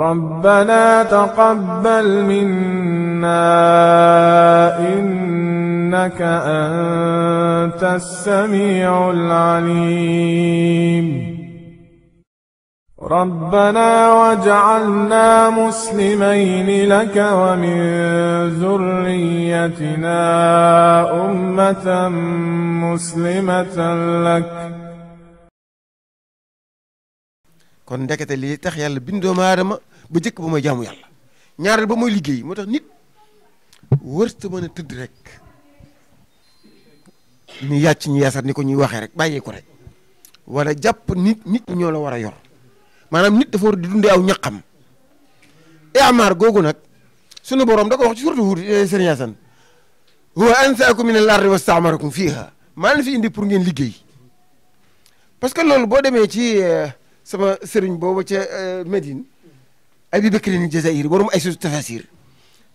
ربنا تقبل منا إنك أنت السميع العليم ربنا واجعلنا مسلمين لك ومن ذريتنا أمة مسلمة لك kon ndekete li tax yàlla maadama ba jëkk ba mooy jaamu yàlla ñaareel ba mooy liggéey moo tax nit wërsta mën a tëdd rek ñu yàcc ñu yaasar ni ko ñuy waxee rek bàyyi ko rek wala jàpp nit nit ñoo la war a yor maanaam nit dafa war di dundee aw ñaqam eh, amaar googu nag sunu borom da ko wax ci surtout Huud eh, Sëriñ Yaasan huwa ansaakum min al ardi wastaamarakum fii maa leen fi indi pour ngeen liggéey parce que loolu boo demee ci eh, sama sëriñ boobu ca medin abi bakrin aljazairi borom ay su tafasir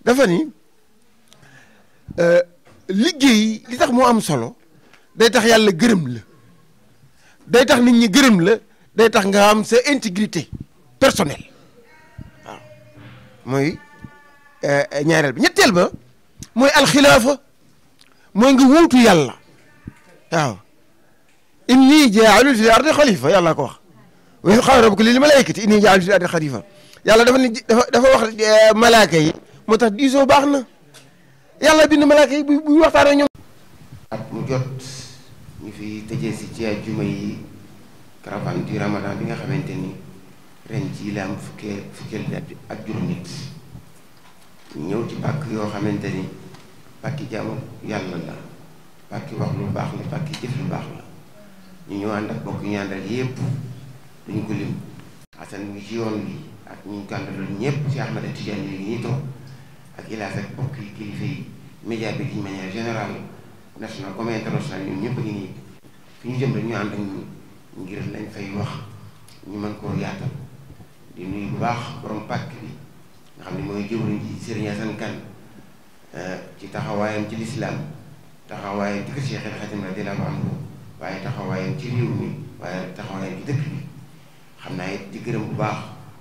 dafa ni liggéey li tax moo am solo day tax yàlla gërëm la day tax nit ñi gërëm la day tax nga am sa intégrité personnelle waaw mooy ñaareel bi ñetteel ba mooy alxilaafa mooy nga wuutu yàlla waaw inni jaalu fi ardi xalifa yàlla ko wax wa qaala rabbuka lil malaikati inni jaalu fi ardi xalifa yàlla dafa ni dafa wax eh, malaaka yi moo tax diisoo baax na yàlla bind malaaka yi bu buy waxtaan ak ñoom at mu jot ñu fi tëjee si ci juma yi caravane ji ramadan bi nga xamante ni ren jii la am fukkee bi ak juróom nit ñëw ci pàkk yoo xamante ni pàkki jaamu yàlla la pàkki wax lu baax la pàkki jëf lu baax la ñu ñëw ànd ak bokk ñu yépp duñu ko lim ngi ci yoon bi ak ñi gandal ñepp ci Ahmada Tidiane ñi ñi tok ak ila fek bokk yi kilifa yi media bi d'une manière générale national comme international ñun ñepp ñi fi ñu jëm rek ñu and ak ñi ngir lañ fay wax ñu mën ko yaatal di nuyu bu baax borom pàkk bi nga xam ne mooy jëwriñ ji Serigne Assane Kane ci taxawaayam ci lislaam taxawaayam ci kër Cheikh El Khadim radiyallahu anhu waaye taxawaayam ci réew mi waaye taxawaayam ci dëkk bi xam naa it di gërëm bu baax.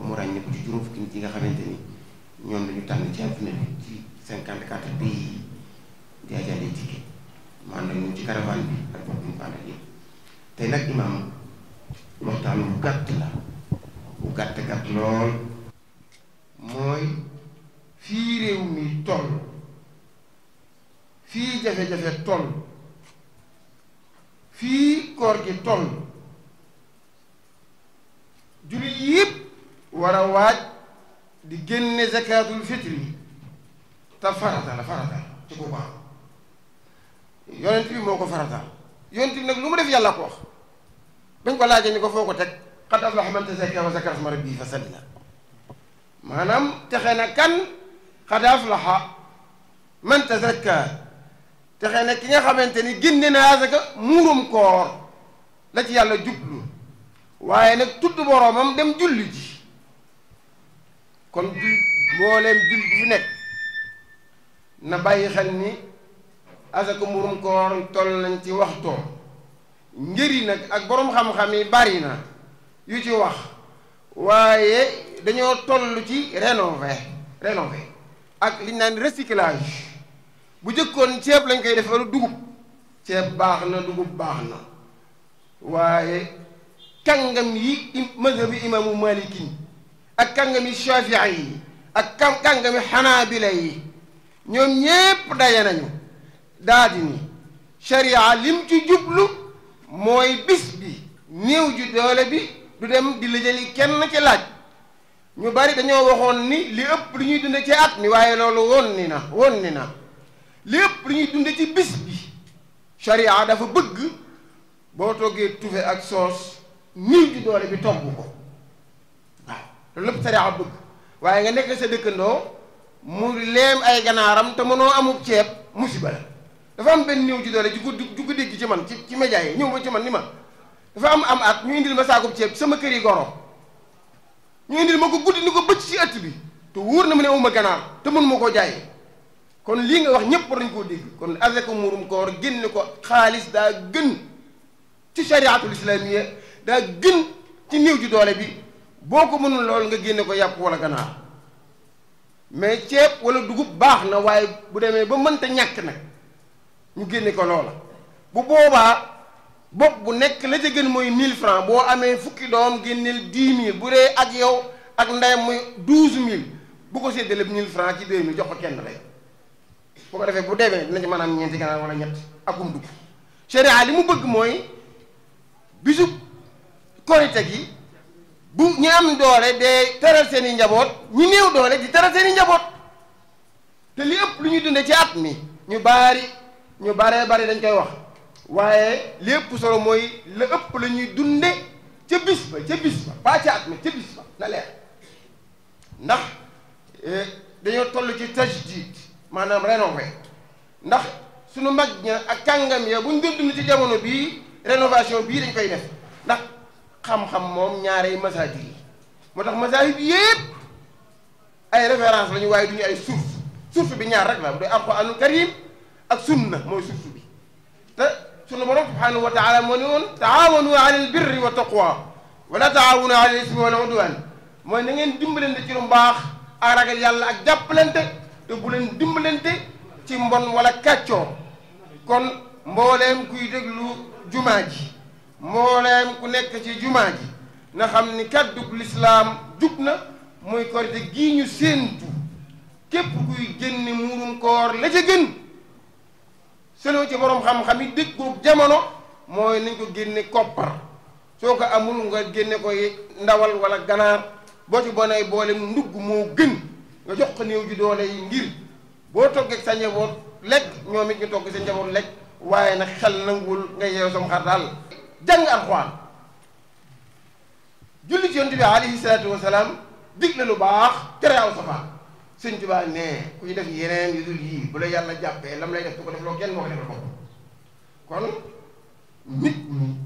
ba mu ràññi ko ci juróom fukki nit yi nga xamante ni ñoom lañu tànn ci àdduna bi ci cinquante quatre pays yi di ajaalee ticket mu ànd ak ci caravane bi ak bopp ñu ko ànd ak yëpp tey nag imaam waxtaan bu gàtt la bu gàtt gàtt lool mooy fii réew mi toll fii jafe-jafe toll fii koor gi toll war a waaj di génne zakatul fitri te farata la ci ko baax yonent bi moo ko farataal yonent bi nag lu mu def yàlla ko bañ ko laajee ni ko foo ko teg qad aflaha man tazakkaa wa texe na kan qad na ki nga xamante ni génne na asaka muurum koor la ci yàlla jublu waaye nag tudd boroomam dem julli ji kon jul mbooleem jul bu nekk na bàyyi xel ni asaka mburum koor toll nañ ci waxtoo ngir yi nag ak boroom xam-xam yi bari na yu ci wax waaye dañoo toll ci rénové rénové ak li naan recyclage bu jëkkoon ceeb lañ koy defee dugub ceeb baax na dugub baax na waaye kàngam yi mazhabi imaamu Maliki ak kàngami shafia yi ak kàngami xanaa xanaabila yi ñoom ñépp daje nañu daal di ni sharia lim ci jublu mooy bis bi néew ju doole bi du dem di lijjali kenn ci laaj ñu bari dañoo waxoon ni li ëpp lu ñuy dunde ci at mi waaye loolu woon ni na woon ni na li ëpp lu ñuy dunde ci bis bi sharia dafa bëgg boo toggee tufe ak soos néew ju doole bi tomb ko loolu lépp sariya bëgg waaye nga nekk sa dëkkandoo mu leem ay ganaaram te mënoo amub ceeb musiba la dafa am benn néew ci doole ju ko ju ko dégg ci man ci média yi ñëw ba ci man ni ma dafa am am at ñu indil ma saakub ceeb sama kër yi goro ñu indil ma ko guddi ni ko bëcc ci ëtt bi te wóor na ma ne uma ganaar te mën ma koo jaayee kon lii nga wax ñëpp war nañ koo dégg kon avec murum koor génn ko xaalis daa gën ci chariatul islamiyya daa gën ci néew ji doole bi boo ko mënul lool nga génne ko yàpp wala ganaar mais ceeb wala dugub baax na waaye bu demee ba mënta ñàkk nag ñu génne ko loola bu boobaa bopp bu nekk la ca gën mooy 1000 francs boo amee fukki doom génneel 10000 bu dee ak yow ak ndeyam muy 12000 bu ko séddale nil francs ci 2000 jox ko kenn rek boo ko defee bu demee dina ci maanaam ñeenti ganaar wala ñett akum dugg sharia li mu bëgg mooy bisu korite gi bu ñi am doole dee téral seen i njaboot ñi néew doole di téral seen i njaboot te li ëpp lu ñuy dunde ci at mi ñu bari ñu baree bari dañ koy wax waaye lépp solo mooy la ëpp la ñuy dunde ca bis ba ca bis ba pas ci at mi ca bis ba na leer ndax eh, dañoo toll ci tajdid maanaam rénové ndax suñu mag ña ak kàngam ya buñ doon dund ci jamono bii rénovation bii dañ koy def xam-xam moom ñaarey masaahib yi moo tax masaahib yëpp ay référence lañu waaye du ñu ay source source bi ñaar rek la doy alquraanul karim ak sunna mooy source bi te sunu borom subhanahu wa taala moo ne woon taawanu alal birri wa taqwa wala taawanu alal ismi wal udwan mooy na ngeen dimbalante ci lu mbaax ak ragal yàlla ak jàppalante te bu leen dimbalante ci mbon wala kàccoo kon mbooleem kuy déglu jumaa ji mbooleem ku nekk ci jumaa ji na xam ni kàddug lislaam jub na muy korite gii ñu séentu képp kuy génne muurum koor la ca gën sënoo ci boroom xam-xam yi dëkkoog jamono mooy nañ ko génne koppar soo ko amul nga génne koy ndawal wala ganaar boo ci bonay boolem ndugg moo gën nga jox ko néew ji doole yi ngir boo toggee sa njaboot lekk ñoom it ñu togg sa njaboot lekk waaye nag xel nanguwul nga yeew sam xar daal jàng alxuraan julli ci yonent bi alayhi salaatu wasalaam lu baax tere aw safaan sëñ Tuubaa ne kuy def yeneen yu dul yii bu la yàlla jàppee lam lay def du ko def loo kenn moo ko defal bopp kon nit ñi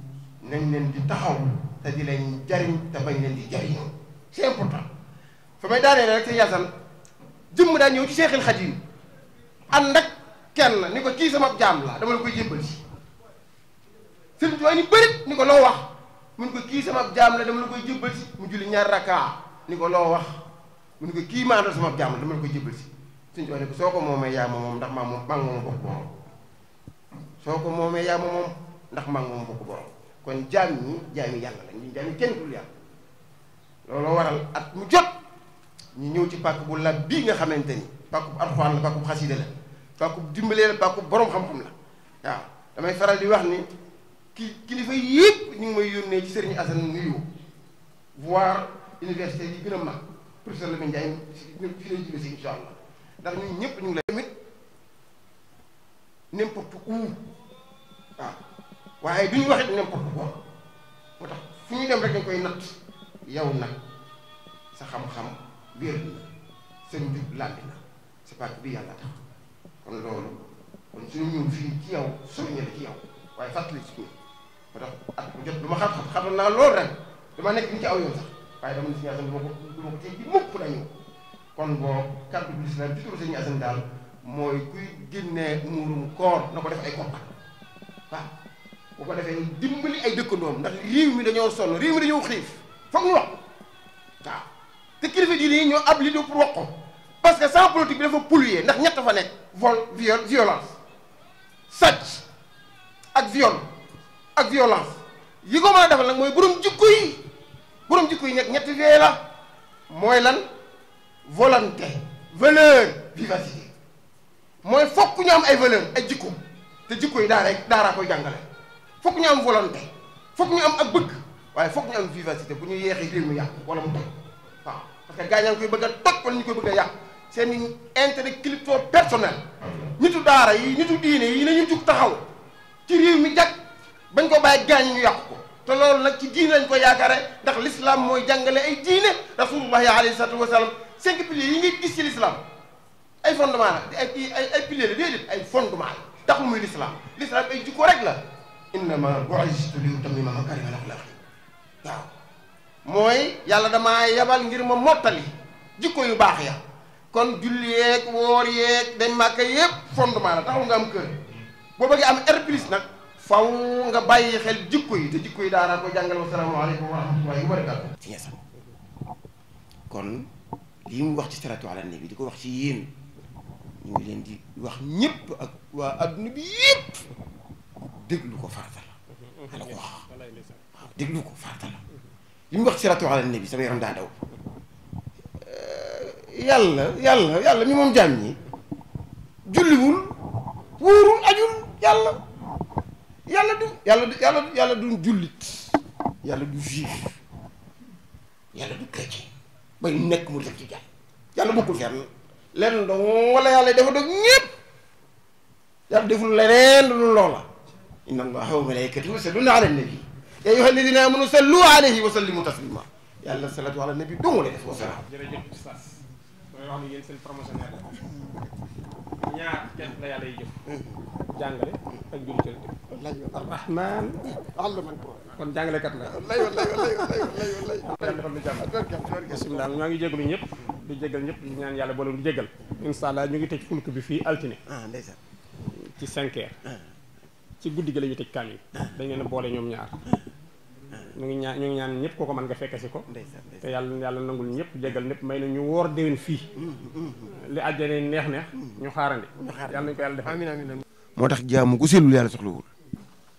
nañ leen di taxaw te di leen jariñ te bañ leen di jariñ c'est important fa may daanee rek sëñ Yaasan jëmm daa ñëw ci Seexul Xadiim ànd ak kenn ni ko kii sama jaam la dama la koy jébbal si sëriñ Tuubaa ni niko ni ko wax mun sama jam, la dama la koy jëbbal si mu julli ñaar ni ko wax mun ko sama jam, la dama la koy jëbbal si sëriñ Tuubaa niko ko soo ko moomee yaa ma moom ndax maa moom maa moom bokk borom soo ko moomee yaa ma moom ndax maa moom bokk borom kon jaam ñi jaami yàlla la ñu jaami kenn dul waral at mu jot ci bu lab nga ni bu alxuraan la pàkk bu xasida la pàkk bu dimbalee la pàkk bu borom xam-xam la waaw damay faral di wax ni ki kilifa yëpp ñu ngi may yónnee ci Serigne Assane nuyu voir université yi gën a mag professeur Lamine Ndiaye fi lay jublu si incha allah ndax ñun ñëpp ñu ngi lay tamit n'importe où waaw ah, waaye duñu wax it n'importe quoi moo tax fu ñu dem rek dañ koy natt yow nag sa xam-xam wér na sa njub làmbi na sa pàcc bi yàlla tax loolu kon suñu ñëw fii ci yow soññal ci yow waaye fàttali ci ñun moo tax at ah bu jot lu ma xam xatoon naa lool ren ma nekk ni ci aw yoon sax waaye dama ne si ñaasan du ma ko du ko tey bi mukk dañu kon boo kàddu bi lislaam ci turu sëñ Asan daal mooy kuy génnee muurum koor na ko def ay combat waaw bu ko defee dimbali ay dëkkandoom ndax réew mi dañoo sonn réew mi dañoo xiif foog ñu wax waaw te kilifa diine yi ñoo ab li pour wax ko parce que sans politique bi dafa polluer ndax ñett fa nekk vol viol violence sàcc ak viol ak violence yi ko mën a defal nag mooy borom jikko yi borom jikko yi nekk ñetti vee la mooy lan volonté valeur vivacité mooy fokk ñu am ay valeur ay jikko te jikko yi daara daaraa koy jàngale fokk ñu am volonté fokk ñu am ak bëgg waaye fokk ñu am vivacité bu ñu yeexee réew mi yàqu wala mu toj waaw parce que gaañaan koy bëgg a toj wala ñu koy bëgg a yàq seen i intérêt clipto personnel nitu daara yi nitu diine yi nañu jug taxaw ci réew mi jag bañ ko bàyyi gaañ ñu yàqu ko te loolu nag ci diine lañ ko yaakaare ndax l'islam mooy jàngale ay diine rasulullahi alayhi salatu wasalam cinq piliers yi la ay ay ay piliers ay fondement la taxul muy l'islam l'islam ay rek la innama bu'istu li waaw mooy yàlla damaa yabal ngir ma mottali jikko yu baax ya kon julli yeeg woor yeeg dañ màkka yëpp fondement la taxul nga am kër boo bëggee am R plus nag faw nga bàyyi xel jikko yi te jikko yi daanaa ko jàngal wa salaamualeykum wa rahmatullahi wa barakaatu mu wax ci salatu ala nabi di ko wax ci di wax ñëpp ak waa bi déglu ko farata la déglu ko farata la li mu wax ci salatu ala nabi sama yaram daa daw euh, yàlla yàlla yàlla mi moom jaam ñi julliwul yàlla du yàlla yàlla du jullit yàlla du juif yàlla du chrétien bay nekk mu rek ci jàll yàlla bokkul fenn lenn dong wala yàlla dafa dog ñëpp yàlla deful leneen lu dul loola inna allaha wa malaikatahu yusalluna ala nabi ya ayyuha alladina amanu sallu alayhi wa sallimu taslima yàlla salatu ala nabi dong lay def wasalaam jërëjëf damay wax ni yéen seen promotionnaire la ñaar kenn la yàlla yi jëf jàngale ak julli ci arrahman kon jàngalekat la lay lay lay lay lay defal jàmm bismillah maa ngi jégalu ñëpp di jégal ñëpp di ñaan yàlla boole di jégal insha allah ñu ngi tëj fulk bi fii altine ah, ci cinq heures ah. ci guddi gi la ñu tëj kaamil ah. dañ leen boole ñoom ñaar ñu ngi ñaan ñu ñaan ñëpp ko ko mën nga fekke si ko te yàlla yàlla nangul ñëpp jégal ñëpp may na ñu woor déwén fii li àjjana neex neex ñu xaarandi yàlla nañu ko yàlla def amiin amiin moo tax jaamu gu sellul yàlla soxlawul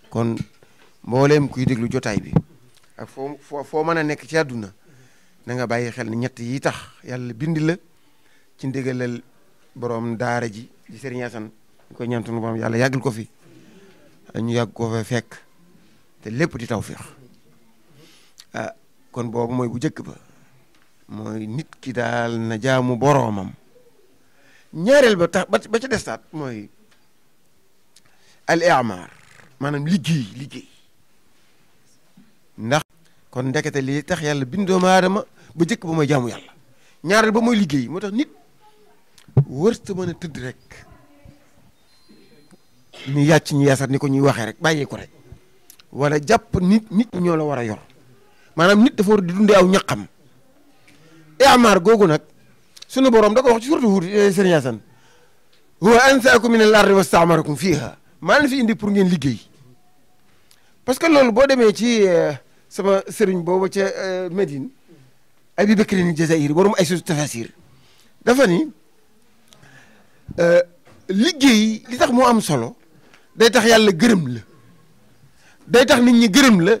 kon mbooleem kuy déglu jotaay bi ak foo foo foo mën a nekk ci àdduna na nga bàyyi xel ni ñett yi tax yàlla bind la ci ndigalal borom daara ji di Serigne Assane ñu koy ñaantu borom yàlla yàggal ko fi ñu yàgg ko fa fekk te lépp di taw tawféex ah kon boobu mooy bu njëkk ba mooy nit ki daal na jaamu boroomam ñaareel ba tax ba ca destaat mooy al i'mar maanaam liggéey liggéey ndax kon ndekete lii tax yàlla bindoo ma aadama ba njëkk ba mooy jaamu yàlla ñaareel ba mooy liggéey moo tax nit wërsta mën a tëdd rek ñu yàcc ñu yaasar ni ko ñuy waxee rek bàyyi ko rek walla jàpp nit nit ñoo la war a yor maanaam nit dafa war di dundee aw ñaqam iamaar googu nag sunu borom da ko wax ci surtout Huud eh, Sëriñ Asan huwa ansaakum min al ardi wastaamarakum fiiha maa leen fi indi pour ngeen liggéey parce que loolu boo demee ci eh, sama sëriñ boobu ca eh, Médine Abi Bakrin Jazaïri borom ay su tafasir dafa ni liggéey li tax moo am solo day tax yàlla gërëm la day tax nit ñi gërëm la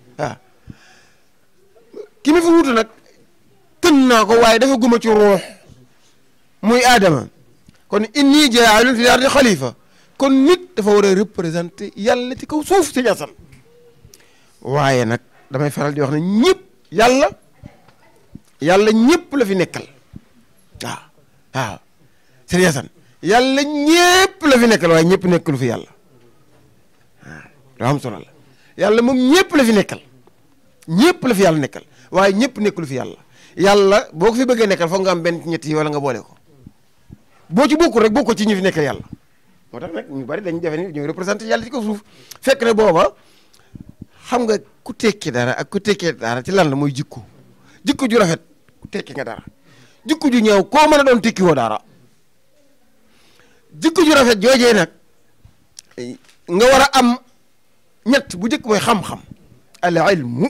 كيما في ووتو نك تناكو واي دا فا غوما تي روح موي ادم كون اني جاعل في الارض خليفه كون نيت دا فا ورا ريبريزنت يالا تي كو سوف تي جاسم واي نك دا ماي فرال دي وخني نييب يالا يالا نييب لا في نيكال اه اه سيري حسن يالا نييب لا في نيكال واي نييب نيكلو في يالا رحم الله يالا موم نييب لا في نيكال ñëpp la fi yàlla nekkal waaye ñëpp nekkul fi yàlla yàlla boo ko fi bëggee nekkal foog nga am benn ñett yi wala nga boole ko boo ci bokkul rek ko ci ñi fi nekkal yàlla moo tax nag ñu bari dañu defe ni ñooy représenté yàlla ci ko suuf fekk ne booba xam nga ku tekki dara ak ku tekkee dara ci lan la mooy jikko jikko ju rafet ku tekki nga dara jikko ju ñëw koo mën a doon tekki woo dara jikko ju rafet joojee nag nga war a am ñett bu njëkk mooy xam-xam al ilmu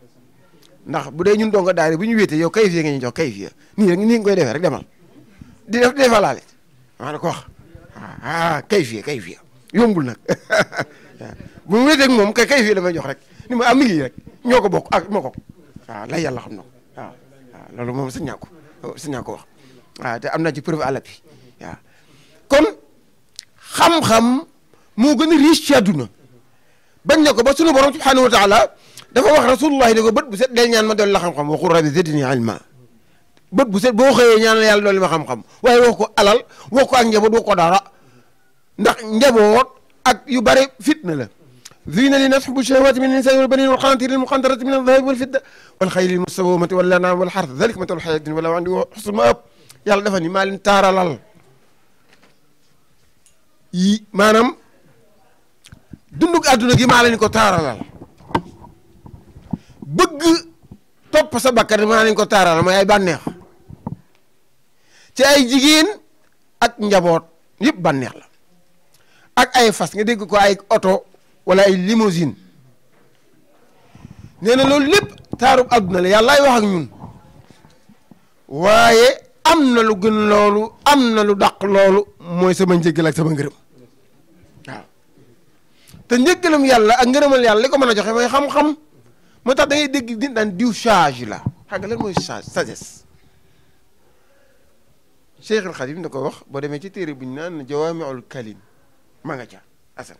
ndax bu dee ñun donga daari bu ñu wéetee yow kayif ya nga ñu jox kayif nii rek nii nga koy defee rek demal di def di defalaale wax na ko wax ah kayif yombul nag bu mu wéetee moom kay kayif ya la may jox rek ni ma am mi rek ñoo ko bokk ak moo ko waaw lay yàlla xam na loolu moom si naa ko sañ naa am naa ci preuve à l'appui waaw kon xam-xam moo gën a riche ci بن يكو بسنو برم سبحانه وتعالى دفع وقت رسول الله يقول بد بسد دل نيان مدل لخم خم وقول ربي زدني علما بد بسد بوخي نيان يال دل مخم خم وي وكو ألال وكو أن يبود وكو دارا نك نجبوت أك يباري فتنة لا زين لنسحب الشهوات من النساء والبنين والقنطير المقنطرة من الذهب والفضة والخيل المسومة والأنعام والحرث ذلك متى الحياة الدنيا ولو عندي حصن ما يال دفني مال تارا لال مانام dunduk aduna gi ma lañ ko taralal bëgg top sa bakkar ma lañ ko taral mooy ay banex ci ay jigéen ak njabot yeb banex la ak ay fas nga deg ko ay auto wala ay limousine neena na lepp lépp aduna la wax ak ñun waaye am lu gën loolu am lu dàq loolu moy sama jéggel ak sama ngërëm te njëkkalam yàlla ak ngërëmal yàlla li ko mën a joxe mooy xam-xam moo tax da ngay dégg nit diw charge la xam nga mooy charge sagesse Cheikhul Khadim da ko wax boo demee ci téere bu ñu naan jawaamiul kalim ma nga ca asan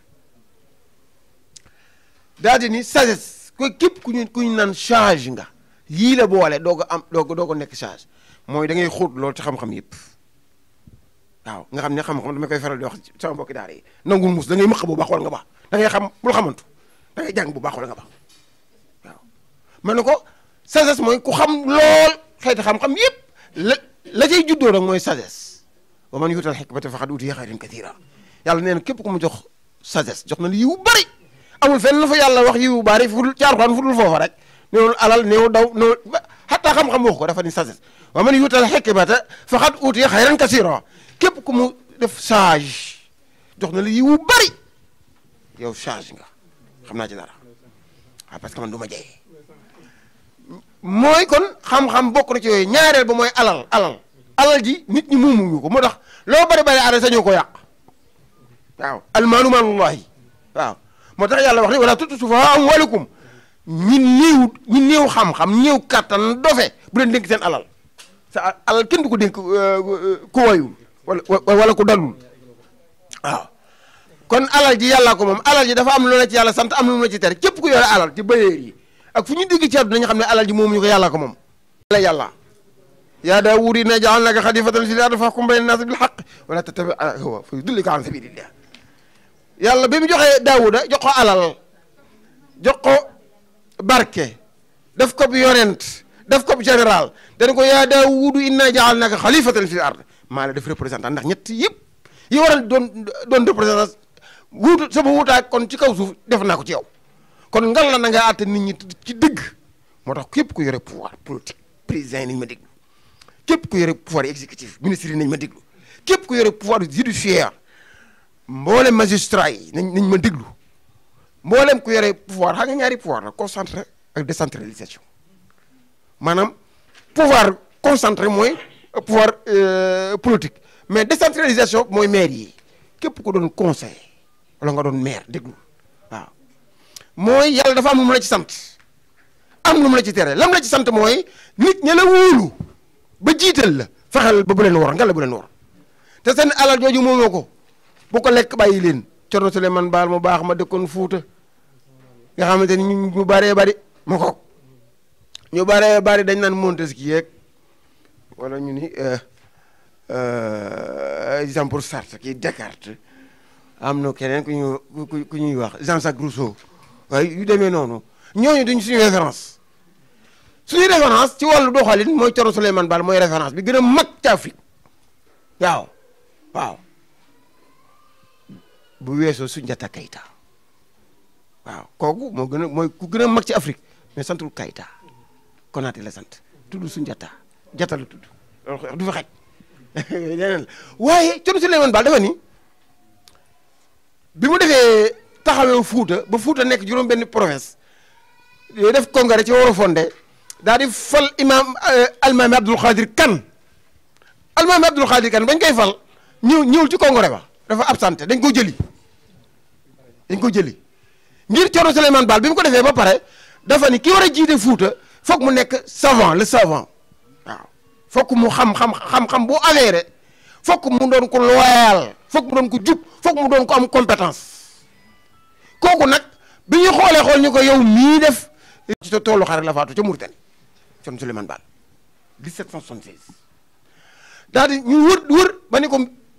daa ni sagesse ko képp ku ñu ku ñu naan charge nga yii la boole doo ko am doo ko doo ko nekk charge mooy da ngay xóot ci xam-xam yëpp waaw nga xam ne xam-xam dama koy faral di wax sama mbokki daara yi nangul mus da ngay mëq bu baax wal nga baax da ngay xam bul xamantu da ngay jàng bu baax wala nga baax waaw ne ko sagesse mooy ku xam lool xeeti xam-xam yëpp la la cay juddoo rek mooy sagesse wa man yuutal xikmata faqad uutiya xayran kathiira yàlla nee na képp ku mu jox sagesse jox na li yiw bëri amul fenn yàlla wax yiw bëri fu dul caarkaan fu dul rek néewul alal néew daw néew xataa xam-xam wax ko dafa ni sagesse wa man yuutal xikmata faqad uutiya xayran képp ku mu def sage jox na li yiw yow change nga xamna ci dara ah parce que man duma jey moy kon xam-xam bokku na ci yoy ñaarel ba moy alal alal alal ji nit ñi mumu ñuko moo tax loo bari bari ara sañu ko yaq waaw man maalullahi waaw moo tax yàlla wax ni wala sufa am amwalakum ñin néew ñin néew xam-xam néew katan dofe bu len denk sen alal sa alal kindu du ko denk euh, ko wayu wala wala ko dalul waaw kon alal ji yàllaa ko moom alal ji dafa am lu la ci sant am lu la ci tere képp ku yore alal ci bayeer yi ak fu ñu dégg ci àdduna ñu xam ne alal ji moomuñu ko yàllaa ko moom la yàlla yaa Daawuud innaa ja'alnaaka xaliifatan fil ardi fahkum bayna naasi bil haqq wa laa tattabi' al-hawaa fa yudillaka an jox ko alal jox ko barke def ko bu yonent def ko bu général dañ ko yaa Daawuudu innaa ja'alnaaka xaliifatan fil ardi maa la def représentant ndax ñett yëpp yi waral doon doon représentant wuutu sama wuutaay kon ci kaw suuf def naa ko ci yow kon ngal la na nga àtte nit ñi ci dëgg moo tax ku yore pouvoir politique président yi nañ ma déglu képp ku yore pouvoir exécutif ministre yi nañ ma déglu képp ku yore pouvoir judiciaire mboole magistrat yi nañ nañ ma déglu mboolem ku yore pouvoir xam nga ñaari pouvoir la concentré ak décentralisation maanaam pouvoir concentré mooy pouvoir euh, politique mais décentralisation mooy maire yi képp ku doon conseil wala nga doon maire déglu waaw mooy yàlla dafa am lu mu la ci sant am lu mu la ci tere lam la ci sant mooy nit ña la wóolu ba jiital la fexeel ba bu leen war nga la bu leen war te seen alal jooju moomoo ko bu ko lekk bàyyi leen Cerno Souleymane Baal mu baax ma dëkkoon Fuuta nga xamante ni ñu bëree bëri ma ko ñu bëree bëri dañ naan ki yéeg wala ñu ni euh, euh, Jean-Paul Sartre kii Descartes am na keneen ku ñuy ku ñuy wax Jean-Jacques Rousseau waaye yu demee noonu ñooñu duñ suñu référence suñu référence ci wàllu doxalin mooy Coro Souleymane Baal mooy référence bi gën a mag ci Afrique waaw waaw bu weesoo Soundiata Keita waaw kooku moo gën a mooy ku gën a mag ci Afrique mais santul kayita Konaté la sant tudd Soundiata Jata la tudd du fa xaj leneen la waaye Coro Baal dafa ni bi mu defee taxawee Fuuta ba Fuuta nekk juróom-benn province yooyu def congrès ci Worofonde daal di fal imaam euh, almaami Abdul Xaadir Kan almaami Abdul Xaadir Kan bañ koy fal ñëw ñëwul ci congrès ba dafa absenté dañ koo jëli dañ ko jëli ngir Cerno Souleymane Baal bi mu ko defee ba pare dafa ni ki war a jiite Fuuta foog mu nekk savant le savant waaw foog mu xam xam xam xam bu avéré mu doon ko loyal. foog mu doon ko jub foog mu doon ko am compétence kooku nag bi ñu xoolee xool ñu ko yow mii def ci toolu xare la faatu ca Mauritanie Cerno Souleymane Baal 1776 daal di ñu wër wër ba ni ko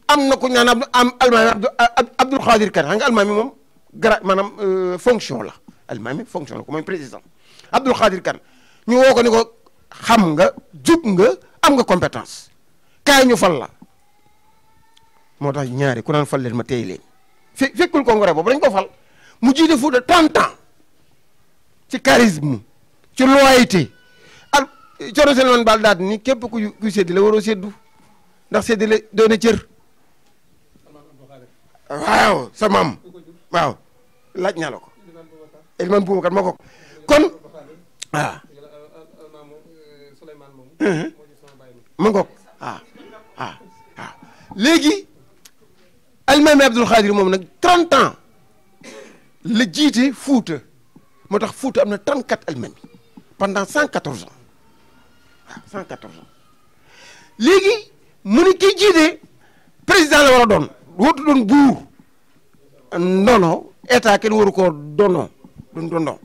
am na ko ñaan am almaami Abdul Xaadir Kan xam nga almaami moom gara maanaam euh, fonction la almaami fonction la ko mooy président Abdul Xaadir Kan ñu woo ko ni ko xam nga jub nga am nga compétence kaay ñu fal la moo tax ñaari ku naan fal leen ma téy leen fe fekkul congrès boobu dañ ko fal mu jiite Fuuta trente ci charisme ci loyauté ak Thierno Souleymane Baal daal ni képp ku kuy séddale waroo séddu ndax séddale doon na cër waaw sa maam waaw laaj naa la ko Eliman Boubacar moo ko almaami Abdul Khadir mom nak 30 ans le djité foot motax foot amna 34 almaami pendant 114 ans 114 ans Légui, mu ki djité président la wara don doon don bour non, non état ken waru ko dono duñ dono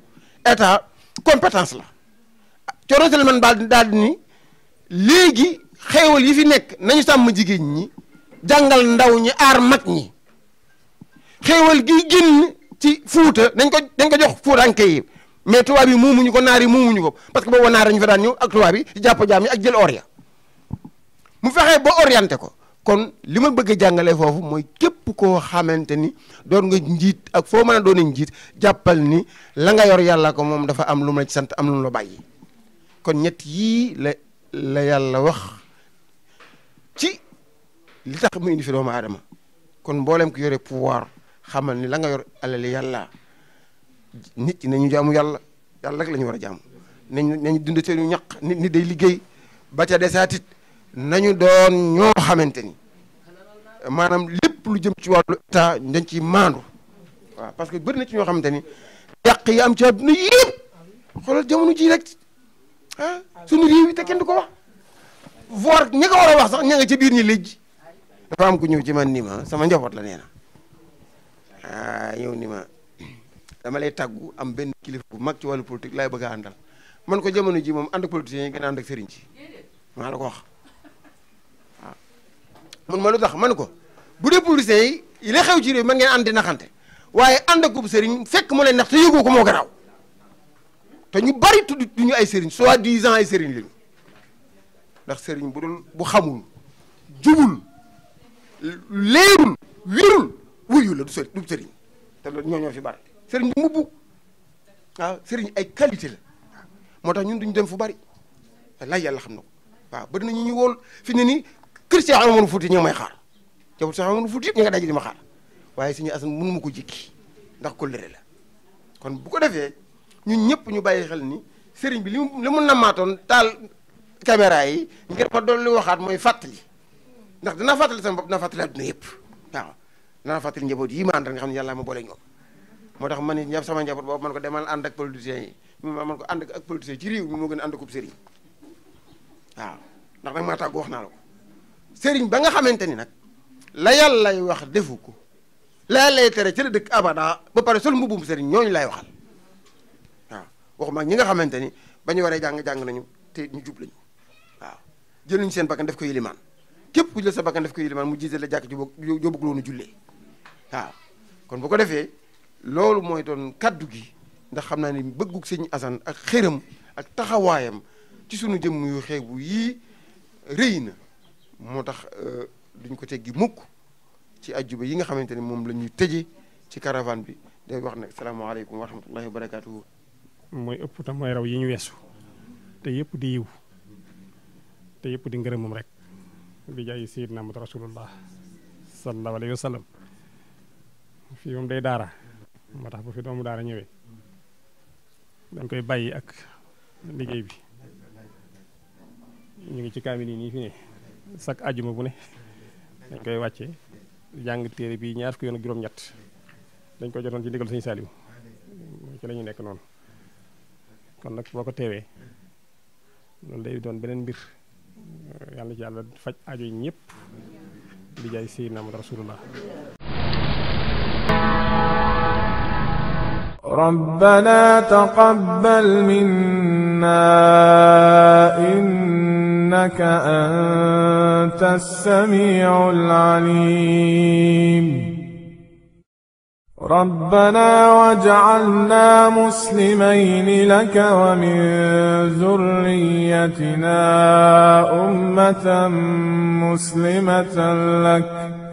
état compétence la coro Souleymane man daal di ni légui xeewal yi fi nekk nañu sàmm jigéen jangal ndaw ñi ar mag ñi xewal gi génn ci fuuta dañ ko dañ ko jox fuutanke yi mais bi mumu ñu ko naari mumu ñu ko parce que bo naar ñu fa daan ñu ak tubaab bi jàpp jaam ak jël or ya. mu fexé bo orienté ko kon lima bëgg jangalé fofu moy képp ko xamanteni doon nga njit ak fo mëna doon njit jappal ni la nga yor yalla ko mom dafa am lu ma ci sant am lu lo bayyi kon ñet yi la yalla wax li tax mu indi fi doomu adama kon mbolem ku yore pouvoir xamal ni la nga yor alal yalla nit ñi nañu jaamu yalla yalla rek lañu wara war jaamu nañu nañu dund ñu ñak nit ni day liggey ba ca desatit nañu doon ño xamanteni manam lepp lu jëm ci walu ta dañ ci mandu wa parce que bëri na ci ño xamanteni yaq yi am ci aduna yépp xolal jëmunu ji rek ha suñu rew yi te kenn du ko wax voir ñi nga wara wax sax ñi nga ci biir ñi léegi dafa am ku ñëw ci man ni ma sama njaboot la nee na ah ñëw ni ma dama lay tàggu am benn kilifa bu mag ci wàllu politique laay bëgg a àndal man ko jamono ji moom ànd ak politiciens yi gën a sëriñ ci maa la ko wax waaw. Ah. ma lu tax man ko bu dee politiciens yi yi la xew ci réew man ngeen ànd di naxante waaye ànd ak kub sëriñ fekk mu lay ndax te yëgoo ko moo garaaw te ñu bari tudd duñu ay sëriñ soit dix ans ay sëriñ lañu ndax sëriñ bu dul bu xamul jubul. léerul wérul wuyu la du sëriñ te la ñoo ñoo fi bari sëriñ bu mubbu waaw ah, sëriñ ay qualité la ah, moo tax ñun duñu dem fu bari lay yàlla xam na ko waaw ba dinañu ñu wool fi ne nii kër Cheikh fuuti Fouti ñoo may xaar jaww Cheikh Amadou Fouti yëpp ñu nga daje di ma xaar ko jikki ndax kóllëre la kon bu ko defee ñu ñëpp ñu bàyyi xel ni sëriñ bi li mu na maatoon namaatoon taal caméra yi ngir ma dolli waxaat mooy fàttali ndax dina fàttali sama bop danaa fàttali aduna yep waaw danaa fàttali njabot yi ma àndal nga xamni yalla ma bolé ñoom motax man ñap sama njabot bop man ko demal and ak politiciens yi man ko and ak politiciens ci réew mu mo gën and ko akub sëriñ waaw ndax nag maa tàggu wax na la ko sëriñ ba nga xamanteni nak la yalla yi wax defu ko la yàllay tere ci la dëkk abada ba paré sul mbubum sëriñ ñooñu lay waxal waaw waxuma ñi nga xamanteni bañu waré jang jang nañu té ñu jublu lañu waaw jëluñ seen bakkan def ko yeliman képp ku jël sa bakkan def ko yilimaan mu jiite la jàkk joo joo bëgg loonu jullee waaw kon bu ko defee loolu mooy doon kàddu gi ndax xam naa ni bëggug sëñ Assane ak xëram ak taxawaayam ci sunu jëmm yu xeebu yii rëy na moo tax euh, duñ ko teggi mukk ci ajjuba yi nga xamante ni moom lañuy ñuy tëje ci caravane bi day wax nag salaamaaleykum wa rahmatullahi wa barakaatuhu mooy ëpp tam mooy raw yi ñu weesu te yëpp di yiw te yëpp di ngërëmam rek bi jay sidna mu rasulullah sallallahu alaihi wasallam fi fii day dara motax bu fi doomu dara ñewé dang koy bayyi ak liggéey bi ñu ngi ci kamini ni fi ne sak aljuma bu ne dañ koy wacce jang téré bi ñaar ko yoon juroom ñatt dañ ko jotone ci ndigal sëñ Saliou ci lañu ñu nekk noonu kon nak boko téwé teewee day doon benen mbir yalla ci yalla faj aajo ñepp di jay sayyidina Muhammad Rasulullah ربنا تقبل منا إنك أنت السميع العليم ربنا واجعلنا مسلمين لك ومن ذريتنا أمة مسلمة لك